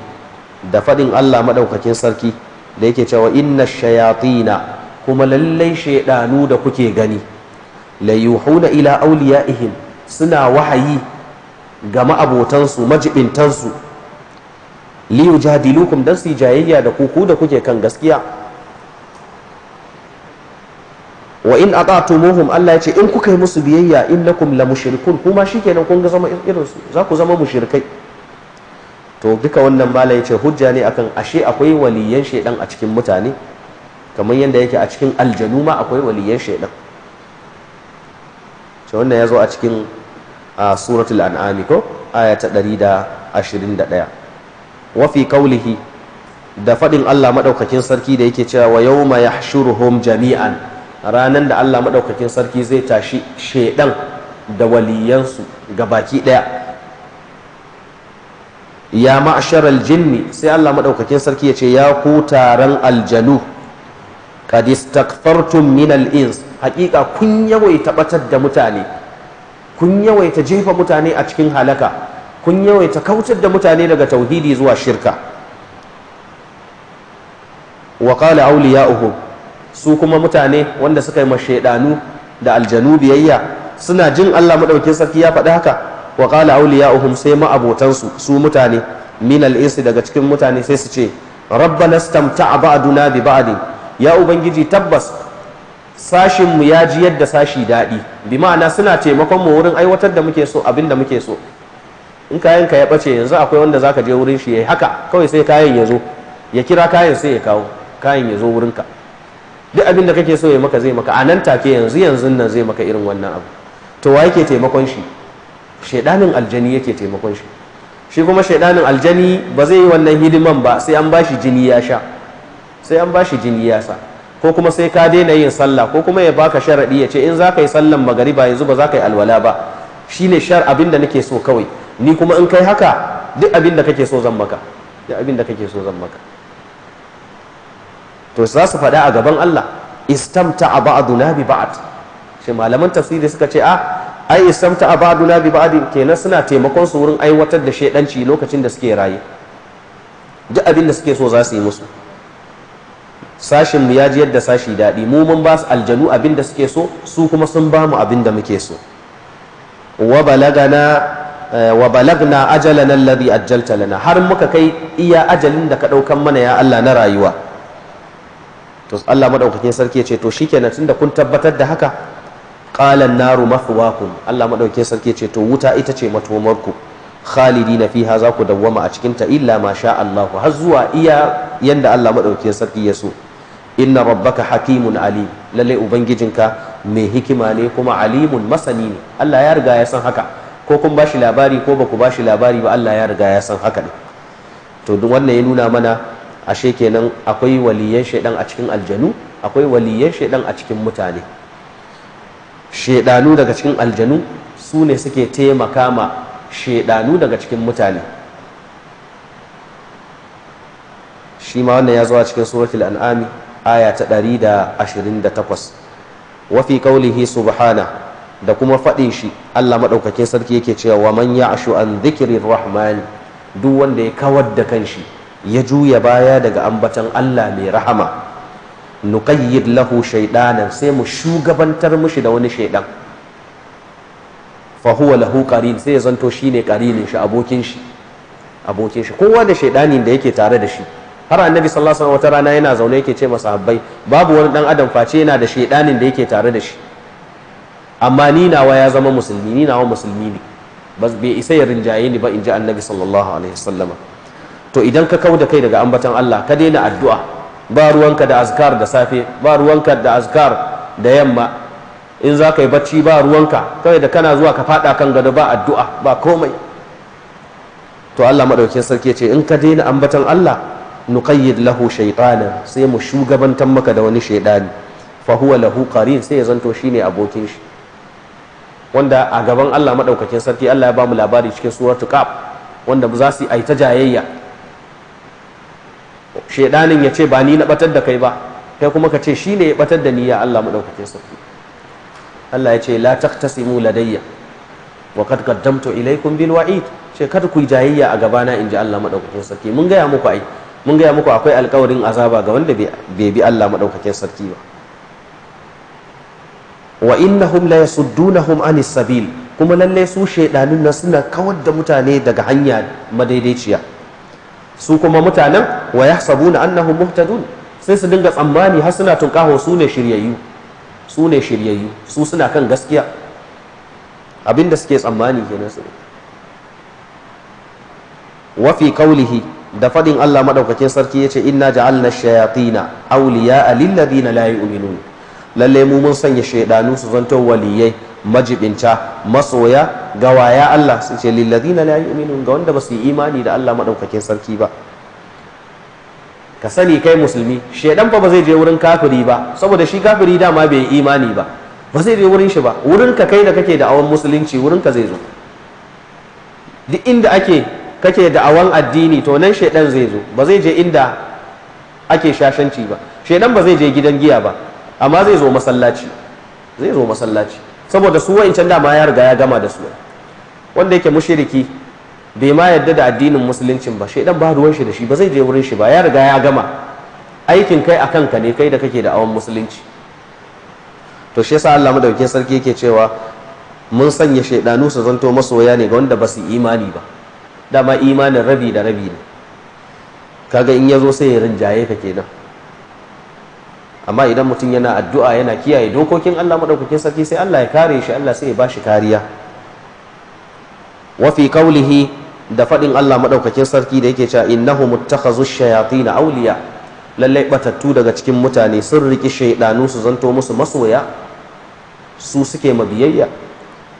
da fadin Allah madaukakin sarki da yake cewa inna shayatina kuma lallai shaidanu da kuke gani la yuhuna ila awliyaihim suna wahayi ga ma'abotansu majibintansu li yujadilukum dan su jayayya da ku da kuke kan gaskiya wa in ata'tumuhum Allah ce in kuka yi musu biyayya na kuma mushrikun kuma shikenan kun ga zama irinsu zaku za ku zama mushrikai to duka wannan bala ce hujja ne akan ashe akwai waliyan shaidan a cikin mutane kamar yadda yake a cikin aljanu ma akwai waliyan shaidan ce wannan ya zo a cikin suratul an'ami ko aya ta 121 wa fi qawlihi da fadin Allah madaukakin sarki da yake cewa wa yawma yahshuruhum jami'an ranar da Allah maɗaukakin sarki zai tashi shaidan da waliyansu ga baki ɗaya ya ma'ashar aljinni sai Allah maɗaukakin sarki ya ce ya ku taron aljanu qad min ins hakika kun yawaita batar da mutane kun yawaita jefa mutane a cikin halaka kun yawaita kautar da mutane daga tauhidi zuwa shirka wa qala awliya'uhum su kuma mutane wanda suka yi mashaidanu da aljanu biyayya suna jin Allah madaukin sarki ya faɗi haka wa qala awliya'uhum sai ma'abotansu su mutane min al daga cikin mutane sai su ce rabbana a ba'duna bi ba'din ya ubangiji tabbas sashin mu ya ji yadda sashi daɗi bi ma'ana suna taimakon mu wurin aiwatar da muke so abin da muke so in kayan ka ya ɓace yanzu akwai wanda zaka je wurin shi yayi haka kawai sai kayan ya zo ya kira kayan sai ya kawo kayan ya zo wurin ka duk abin da kake so ya maka zai maka a nan take yanzu yanzu nan zai maka irin wannan abu to wa yake taimakon shi shaidanin aljani yake taimakon shi shi kuma shaidanin aljani ba zai yi wannan hidiman ba sai an bashi jini ya sha sai an bashi jini ya sa ko kuma sai ka daina yin sallah ko kuma ya baka sharadi ya ce in za ka yi sallan magariba yanzu ba za ka yi alwala ba shi ne shar abin da nake so kawai ni kuma in kai haka duk abin da kake so zan maka duk abin da kake so zan maka to za su faɗa a gaban Allah istamta na bi ba'ad shi malaman tafsiri suka ce a ai istamta na bi ba'ad kenan suna taimakon su wurin aiwatar da shaidanci lokacin da suke raye duk abin da suke so za su yi musu sashin mu ya ji yadda sashi daɗi mu mun ba su aljanu abin da suke so su kuma sun ba mu abin da muke so wa balagana eh, wa balagna ajalana alladhi ajjalta lana har muka kai iya ajalin da ka ɗaukan mana ya Allah na rayuwa to Allah madaukakin sarki ya ce to shikenan tunda kun tabbatar da haka qalan naru mathwaakum Allah madaukakin sarki ya ce to wuta ita ce matomarku khalidina fiha za ku dawwama a cikin ta illa ma sha Allah har zuwa iya yanda Allah madaukakin sarki ya so inna rabbaka hakimun alim lalle ubangijinka mai hikima ne kuma alimun masani ne Allah ya riga ya san haka ko kun bashi labari ko baku bashi labari ba Allah ya riga ya san haka ne to duk wannan ya nuna mana ashe kenan akwai waliyan shaidan a cikin aljanu akwai waliyan shaidan a cikin mutane shaidanu daga cikin aljanu su ne suke taimaka ma shaidanu daga cikin mutane shi ma wannan ya zo cikin suratul an'ami aya ta ɗari da 128 wa fi qawlihi subhana da kuma faɗin shi Allah maɗaukakin sarki yake cewa man ya ashu an zikirin rahmani duk wanda ya kawar da kanshi ya juya baya daga ambatan Allah mai rahama nuqayyid lahu shaydanan sai mu shugabantar mushi da wani shaydan fa huwa lahu qarin sai ya zanto shine qarinin shi abokin shi abokin shi kowa da shaidanin da yake tare da shi har annabi sallallahu alaihi wata rana yana zaune yake ce masahabbai babu wani dan adam face yana da shaydanin da yake tare da shi amma ni nawa ya zama musulmi ni nawa musulmi ne bas bai isa ya rinjaye ni ba in ji annabi sallallahu alaihi wasallam to idan ka kau da kai daga ambatan Allah ka daina addu'a ba ruwanka da azkar da safe ba ruwanka da azkar da yamma in za ka yi bacci ba ruwanka kawai da kana zuwa ka fada kan gado ba addu'a ba komai to Allah madaukakin sarki ce in ka daina ambatan Allah nuqayyid lahu shaytana sai mu shugabantar maka da wani shaydani fa huwa lahu qarin sai ya zanto shine abokin shi wanda a gaban Allah madaukakin sarki Allah ya ba mu labari cikin suratul qaf wanda za su yi ta jayayya shaidanin ya ce ba ni na batar da kai ba kai kuma ka ce shine ya batar da ni ya Allah madaukakin sarki Allah ya ce la taqtasimu ladayya wa qad qaddamtu ilaykum bil wa'id ce kada ku jayayya a gabana inji Allah madaukakin sarki mun gaya muku ai mun gaya muku akwai alkawarin azaba ga wanda bai bi Allah madaukakin sarki ba wa innahum la yasuddunahum anis sabil kuma lalle su shaidanin nan suna kawar da mutane daga hanya madaidaiciya su kuma mutanen wa yahsabuna annahum muhtadun sai su dinga tsammani har suna tunkaho su ne shiryayyu su ne shiryayyu su suna kan gaskiya abinda suke tsammani kenan su wa fi qawlihi da fadin Allah madaukakin sarki yace inna ja'alna shayatina awliya'a lil ladina la yu'minun lalle mu mun sanya shaidanu su zanto waliyai majibinta masoya gawaya Allah sun ce lilladina la yu'minun ga wanda ba su yi imani da Allah madaukakin sarki ba ka sani kai musulmi shaidan fa ba zai je wurin kafiri ba saboda shi kafiri dama bai yi imani ba ba zai je wurin shi ba wurin ka kai da kake da awon musulunci wurin ka zai zo duk inda ake kake da awon addini to nan shaidan zai zo ba zai je inda ake shashanci ba shaidan ba zai je gidan giya ba amma zai zo masallaci zai zo masallaci saboda su wa'incan dama ya riga ya gama da su wanda yake mushiriki bai ma yadda da addinin musuluncin ba shaidan ba ruwan shi da shi ba zai je wurin shi ba ya riga ya gama aikin kai a kanka ne kai da kake da awon musulunci to shi yasa Allah madaukakin sarki yake cewa mun sanya shaidanu su zanto masoya ne ga wanda ba su imani ba dama imanin rabi da rabi ne kaga in ya zo sai ya rinjaye ka kenan amma idan mutum yana addu'a yana kiyaye dokokin Allah maɗaukakin sarki sai Allah ya kare shi Allah sai ya bashi kariya wa fi qawlihi da faɗin Allah maɗaukakin sarki da yake cewa innahu muttakhazu shayatin awliya lallai batattu daga cikin mutane sun riki shaidanu su zanto musu masoya su suke mabiyayya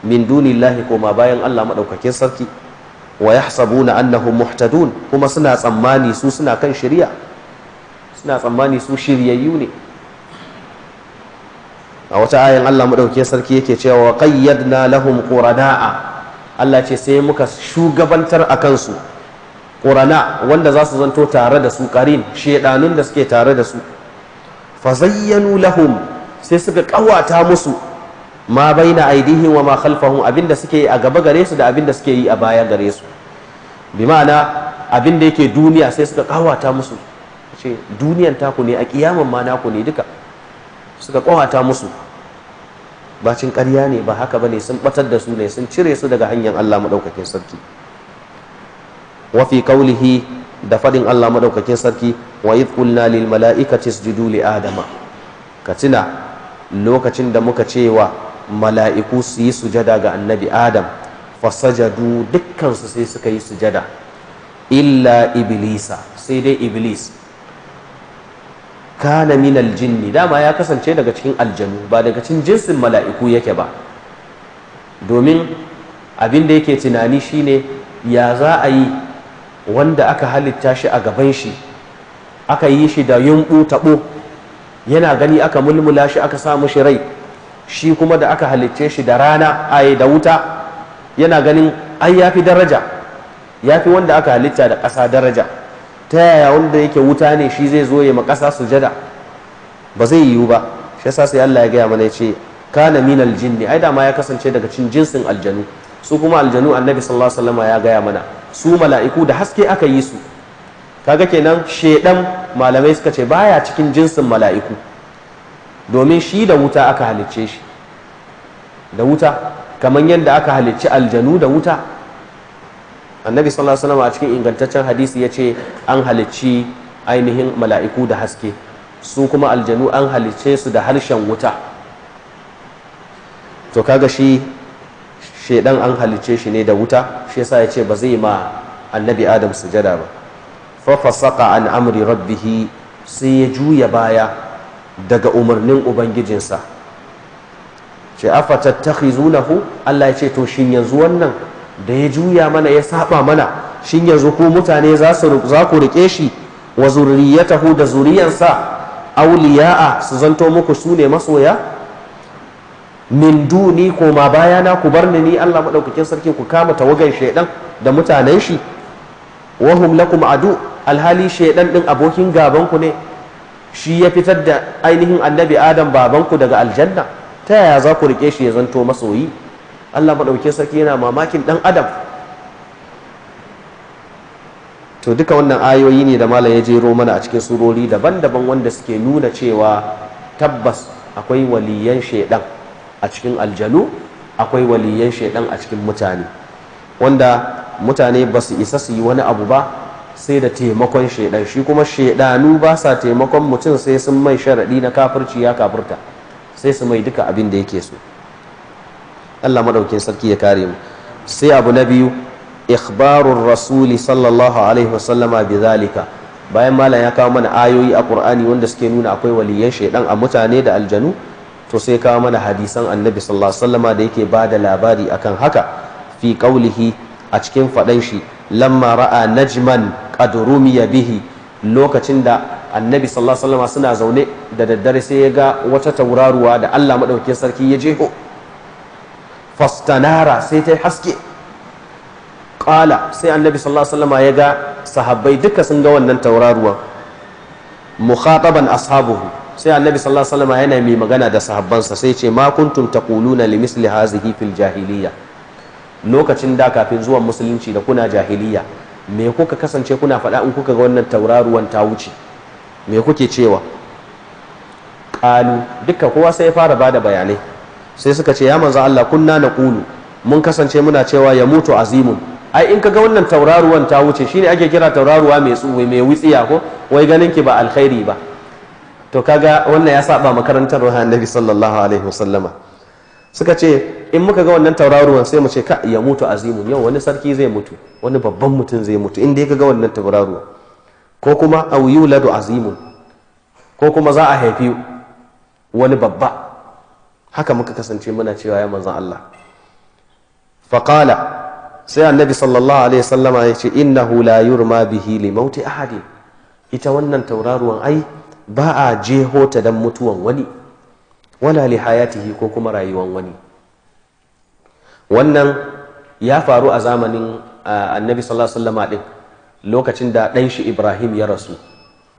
min dunillahi koma bayan Allah madaukakin sarki wa yahsabuna annahum muhtadun kuma suna tsammani su suna kan shari'a suna tsammani su shiryayyu ne a wata ayan Allah madauke sarki yake cewa qayyadna lahum ƙurana'a Allah ce sai muka shugabantar a kansu ƙurana wanda za su zanto tare da su ƙarin shaidanun da suke tare da su fa zayyanu lahum sai suka ƙawata musu ma baina aidihim wa ma khalfahum abinda suke yi a gaba gare su da abinda suke yi a baya gare su bi ma'ana abinda yake duniya sai suka ƙawata musu ce duniyan taku ne a kiyaman ma naku ne duka suka kawata musu bacin karya ne ba haka bane sun batar da su ne sun cire su daga hanyar Allah madaukakin sarki wa fi qawlihi da faɗin Allah maɗaukakin sarki wa idh qulna lil mala'ikati isjudu li adama tuna lokacin da muka cewa mala'iku su yi sujada ga annabi adam fasajadu dukkan su sai suka yi sujada illa iblisa sai dai iblis kana min aljinni dama ya kasance daga cikin aljanu ba daga cikin jinsin mala'iku yake ba domin abin da yake tunani shine ya za a yi wanda aka halitta shi a gaban shi aka yi shi da yumbu taɓo yana gani aka mulmula shi aka sa mushi rai shi kuma da aka halicce shi da rana aye da wuta yana ganin ai ya daraja ya wanda aka halitta da ƙasa daraja ta yaya wanda yake wuta ne shi zai zo ya makasa sujada ba zai yiwu ba shi yasa sai Allah ya gaya mana ya ce kana min ne? ai da ma ya kasance daga cin jinsin aljanu su kuma aljanu annabi sallallahu alaihi wasallam ya gaya mana su mala'iku da haske aka yi su kaga kenan shedan malamai suka ce baya cikin jinsin mala'iku domin shi da wuta aka halicce shi da wuta kamar yadda aka halicci aljanu da wuta annabi sallallahu alaihi wasallam a cikin ingantaccen hadisi ya ce an halicci ainihin mala'iku da haske su kuma aljanu an halicce su da harshen wuta to kaga shi shedan an halicce shi ne da wuta shi yasa ya ce ba zai ma annabi adam sujada ba fa fasaqa an amri rabbih sai ya juya baya daga umarnin ubangijinsa ce afatattakhizunahu Allah ya ce to shin yanzu wannan da ya juya mana ya saba mana shin yanzu ko mutane za ku rike shi wa tahu da zuriyansa awliya'a su zanto muku su ne masoya min duni ko ma bayana ku bar ni Allah madaukakin sarki ku kama tawagan shaidan da mutanen shi wa hum lakum adu alhali shaidan din abokin gaban ku ne shi ya fitar da ainihin annabi adam babanku daga aljanna ta yaya za ku rike shi ya zanto masoyi Allah maɗaukin sarki yana mamakin ɗan adam to duka wannan ayoyi ne da malam ya jero mana a cikin surori daban-daban wanda suke nuna cewa tabbas akwai waliyan shaidan a cikin aljanu akwai waliyan shaidan a cikin mutane wanda mutane ba su isa su yi wani abu ba sai da taimakon shaidan shi kuma shaidanu ba sa taimakon mutum sai sun mai sharaɗi na kafirci ya kafirta sai su mai duka abin da yake so Allah madaukin sarki ya kare mu sai abu na biyu ikhbarur rasuli sallallahu alaihi wasallama bi zalika bayan malam ya kawo mana ayoyi a qur'ani wanda suke nuna akwai waliyan shaydan a mutane da aljanu to sai kawo mana hadisan annabi sallallahu alaihi wasallama da yake bada labari akan haka fi qaulihi a cikin fadan shi lamma ra'a najman qad rumiya bihi lokacin da annabi sallallahu alaihi wasallama suna zaune da daddare sai ya ga wata tauraruwa da Allah madaukakin sarki ya jeho fastanara sai ta haske ƙala sai annabi sallallahu alaihi wasallam ya ga sahabbai duka sun ga wannan tauraruwa mukhataban ashabuhu sai annabi sallallahu alaihi wasallam yana mai magana da sahabbansa sai ce ma kuntum taquluna li misli hazihi fil jahiliya lokacin da kafin zuwan musulunci da kuna jahiliya me kuka kasance kuna faɗa in kuka ga wannan tauraruwan ta wuce me kuke cewa qalu duka kowa sai ya fara bada bayanai sai suka ce ya manzo Allah kunna naqulu mun kasance muna cewa ya mutu azimun ai in kaga wannan tauraruwan ta wuce shine ake kira tauraruwa mai tsuwe mai wutsiya ko wai ganin ki ba alkhairi ba to kaga wannan ya saba makarantar ruhan annabi sallallahu alaihi wasallama suka ce in muka ga wannan tauraruwan sai mu ce ka ya mutu azimun yau wani sarki zai mutu wani babban mutum zai mutu inda kaga wannan tauraruwa ko kuma au yuladu azimun ko kuma za a haifi wani babba haka muka kasance muna cewa ya manzan Allah faƙala sai annabi sallallahu alaihi sallama ya ce innahu la yurma bihi li mauti ahadin ita wannan tauraruwan ai ba a jeho ta dan mutuwan wani wala li hayatihi ko kuma rayuwan wani wannan ya faru a zamanin annabi sallallahu alaihi sallama din lokacin da ɗan shi Ibrahim ya rasu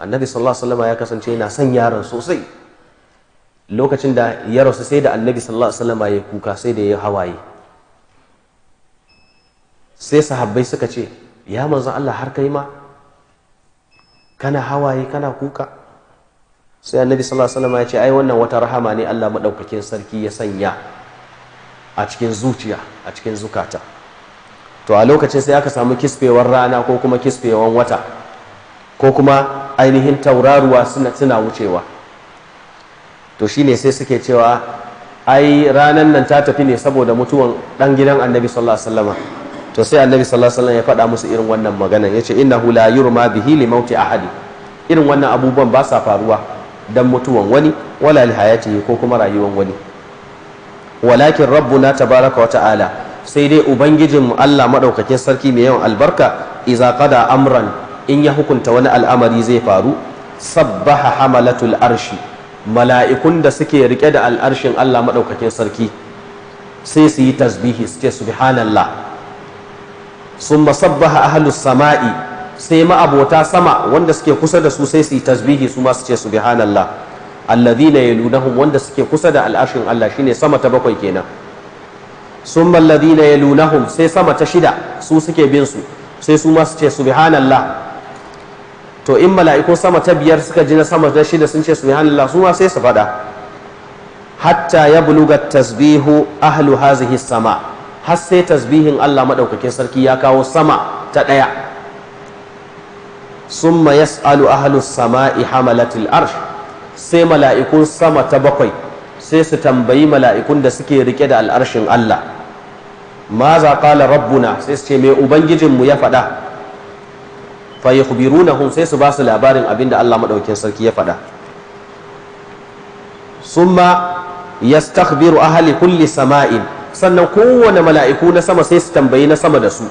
annabi sallallahu alaihi sallama ya kasance yana son yaran sosai lokacin da ya rasu sai da annabi sallallahu alaihi wasallam ya kuka sai da ya hawaye sai sahabbai suka ce ya manzo Allah har kai ma kana hawaye kana kuka sai annabi sallallahu alaihi wasallam ya ce ai wannan wata rahama ne Allah madaukakin sarki ya sanya a cikin zuciya a cikin zukata to a lokacin sai aka samu kisfewar rana ko kuma kisfewar wata ko kuma ainihin tauraruwa suna wucewa to shine sai suke cewa ai ranan nan ta tafi ne saboda mutuwan dan gidan annabi sallallahu alaihi wasallam to sai annabi sallallahu alaihi wasallam ya faɗa musu irin wannan ce yace innahu la yurma bihi li mauti ahadi irin wannan abubuwan ba sa faruwa dan mutuwan wani wala li hayatihi ko kuma rayuwar wani walakin rabbuna tabaraka wa ta'ala sai dai ubangijinmu Allah madaukakin sarki mai yawan albarka iza qada amran in ya hukunta wani al'amari zai faru sabbaha hamalatul arshi mala'ikun da suke rike da al'arshin Allah maɗaukakin sarki sai su yi tasbihi su ce subhanallah sun a ahlus sama'i sai ma'abota sama wanda suke kusa da su sai su yi tasbihi su ma su ce subhanallah yi lunahun wanda suke kusa da al'arshin Allah shine sama ta bakwai kenan na yi lunahun sai sama ta shida su suke bin su sai su ma su ce subhanallah to in mala'iku sama ta biyar suka ji na sama ta shida sun ce subhanallah su ma sai su faɗa hatta ya buluga tasbihu ahlu hazihi sama har sai tasbihin Allah madaukakin sarki ya kawo sama ta ɗaya summa yas'alu ahlu sama'i hamalatil arsh sai mala'ikun sama ta bakwai sai su tambayi mala'ikun da suke rike da al'arshin Allah maza za qala rabbuna sai su ce me ubangijinmu ya faɗa fa yakhbirunahum sai su ba su labarin abinda Allah madaukakin sarki ya faɗa summa yastakhbiru ahli kulli sama'in sannan kowane mala'iku na sama sai su tambayi na sama da su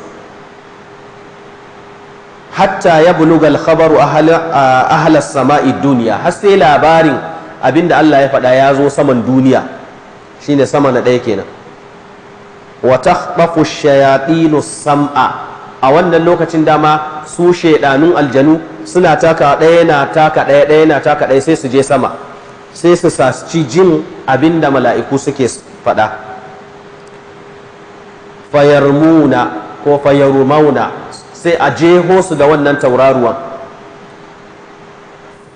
hatta ya bulugal alkhabaru ahla sama'i duniya har sai labarin abinda Allah ya faɗa ya zo saman duniya shine sama na ɗaya kenan wa takhtafu shayatinu sam'a a wannan lokacin dama su shaidanun aljanu suna taka ɗaya na taka ɗaya ɗaya na taka ɗaya sai su je sama sai su saci jin abin da mala'iku suke faɗa fayarmuna ko mauna sai a jeho su da wannan tauraruwan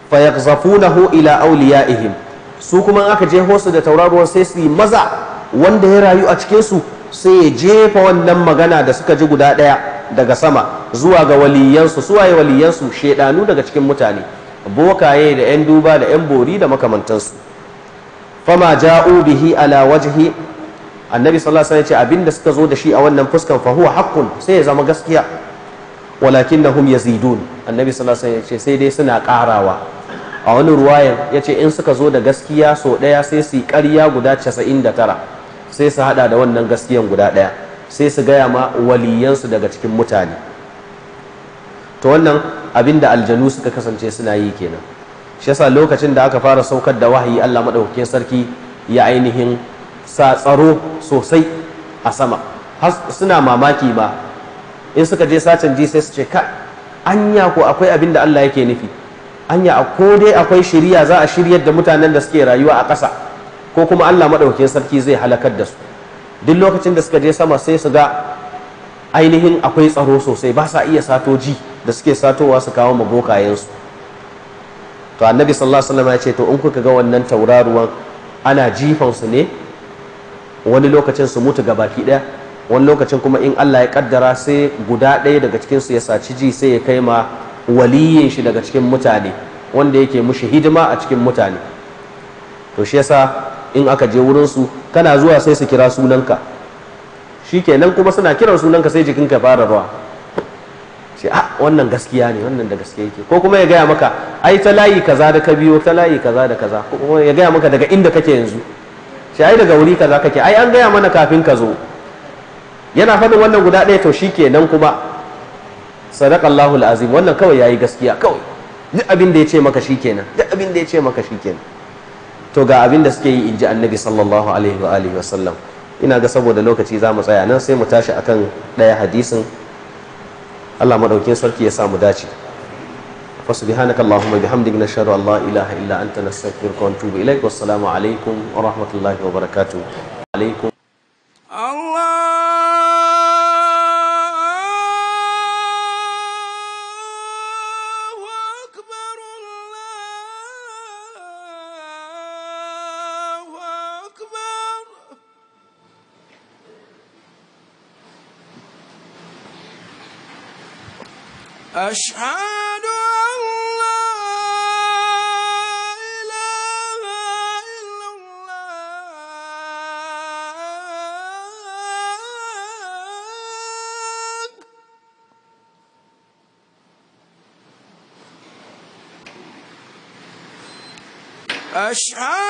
fayakzafunahu ila ihim su kuma aka jeho su da tauraruwan sai su yi maza wanda ya rayu a cikinsu sai ya jefa wannan magana da suka ji guda ɗaya daga sama zuwa ga waliyansu suwaye waliyansu shedanu daga cikin mutane bokaye da 'yan duba da 'yan bori da makamantansu fama ja'u bihi ala wajhi annabi sallallahu alaihi wasallam abinda suka zo da shi a wannan fuskan fa huwa haqqun sai ya zama gaskiya walakinnahum yazidun annabi sallallahu alaihi wasallam sai dai suna karawa a wani ruwayan ya ce in suka zo da gaskiya so daya sai su yi ƙarya guda 99 sai su hada da wannan gaskiyan guda daya sai su gaya ma waliyansu daga cikin mutane to wannan abin da aljanu suka kasance suna yi kenan shi yasa lokacin da aka fara saukar da wahayi Allah madaukakin sarki ya ainihin sa tsaro sosai a sama suna mamaki ba in suka je sacin ji sai su ce ka anya ko akwai abin da Allah yake nufi anya ko dai akwai shiriya za a shiryar da mutanen da suke rayuwa a ƙasa ko kuma Allah madaukakin sarki zai halakar da su duk lokacin da suka je sama sai su ga ainihin akwai tsaro sosai ba sa iya sato ji da suke satowa su kawo mabokayensu to annabi sallallahu alaihi wasallam ya ce to in kuka ga wannan tauraruwan ana jifan su ne wani lokacin su mutu gabaki daya wani lokacin kuma in Allah ya kaddara sai guda ɗaya daga cikin su ya saci ji sai ya kai ma waliyin shi daga cikin mutane wanda yake mushi hidima a cikin mutane to shi yasa in aka je wurinsu kana zuwa sai su kira sunanka shi nan kuma suna kiran sunanka sai jikinka fara ruwa sai a ah, wannan gaskiya ne wannan da gaskiya yake ko kuma ya gaya maka ai ta layi kaza da ka biyo ta layi kaza da kaza ko ya gaya maka daga inda kake yanzu sai ai daga wuri kaza kake ai an gaya mana kafin ka zo yana faɗin wannan guda ɗaya to shikenan kuma sadaqallahu alazim wannan kawai yayi gaskiya kawai duk abin da ya ce maka shi kenan duk abin da ya ce maka shi kenan to ga abin da suke yi in ji annabi sallallahu alaihi wa alihi wasallam ina ga saboda lokaci za mu tsaya nan sai mu tashi akan ɗaya hadisin Allah madaukin sarki ya sa mu dace fa subhanaka allahumma bihamdika nashhadu an la ilaha illa anta nastaghfiruka wa natubu ilaik wassalamu alaikum wa rahmatullahi wa barakatuh alaikum أشهد أن لا إله إلا الله أشهد